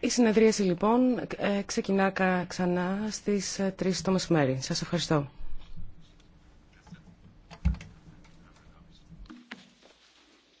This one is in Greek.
Η συνεδρίαση λοιπόν ε, ξεκινά ξανά στις 3 ε, το μεσημέρι. Σας ευχαριστώ.